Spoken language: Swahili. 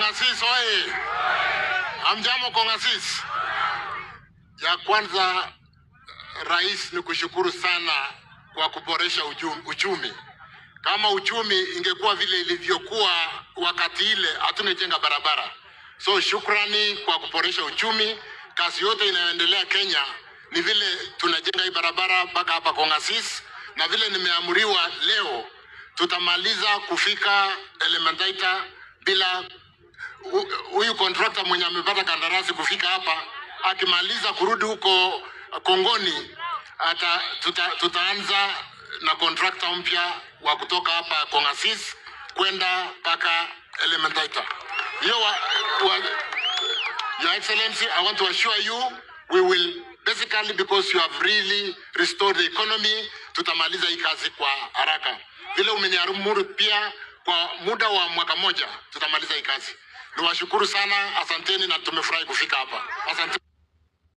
Kongasis oye! Hamjambo Kongasis? Ya kwanza, Rais, ni kushukuru sana kwa kuboresha uchumi. Kama uchumi ingekuwa vile ilivyokuwa wakati ile, hatunejenga barabara. So shukrani kwa kuboresha uchumi. Kazi yote inayoendelea Kenya ni vile tunajenga hii barabara mpaka hapa Kongasis, na vile nimeamriwa leo tutamaliza kufika Elementaita bila huyu contractor mwenye amepata kandarasi kufika hapa, akimaliza kurudi huko Kongoni ata, tuta, tutaanza na contractor mpya wa kutoka hapa Kongasis kwenda mpaka Elementaita. Hiyo wa, wa, Your Excellency, I want to assure you we will basically because you have really restored the economy, tutamaliza hii kazi kwa haraka. Vile umeniamuru pia kwa muda wa mwaka moja tutamaliza hii kazi. Niwashukuru sana, asanteni na tumefurahi kufika hapa. Asante.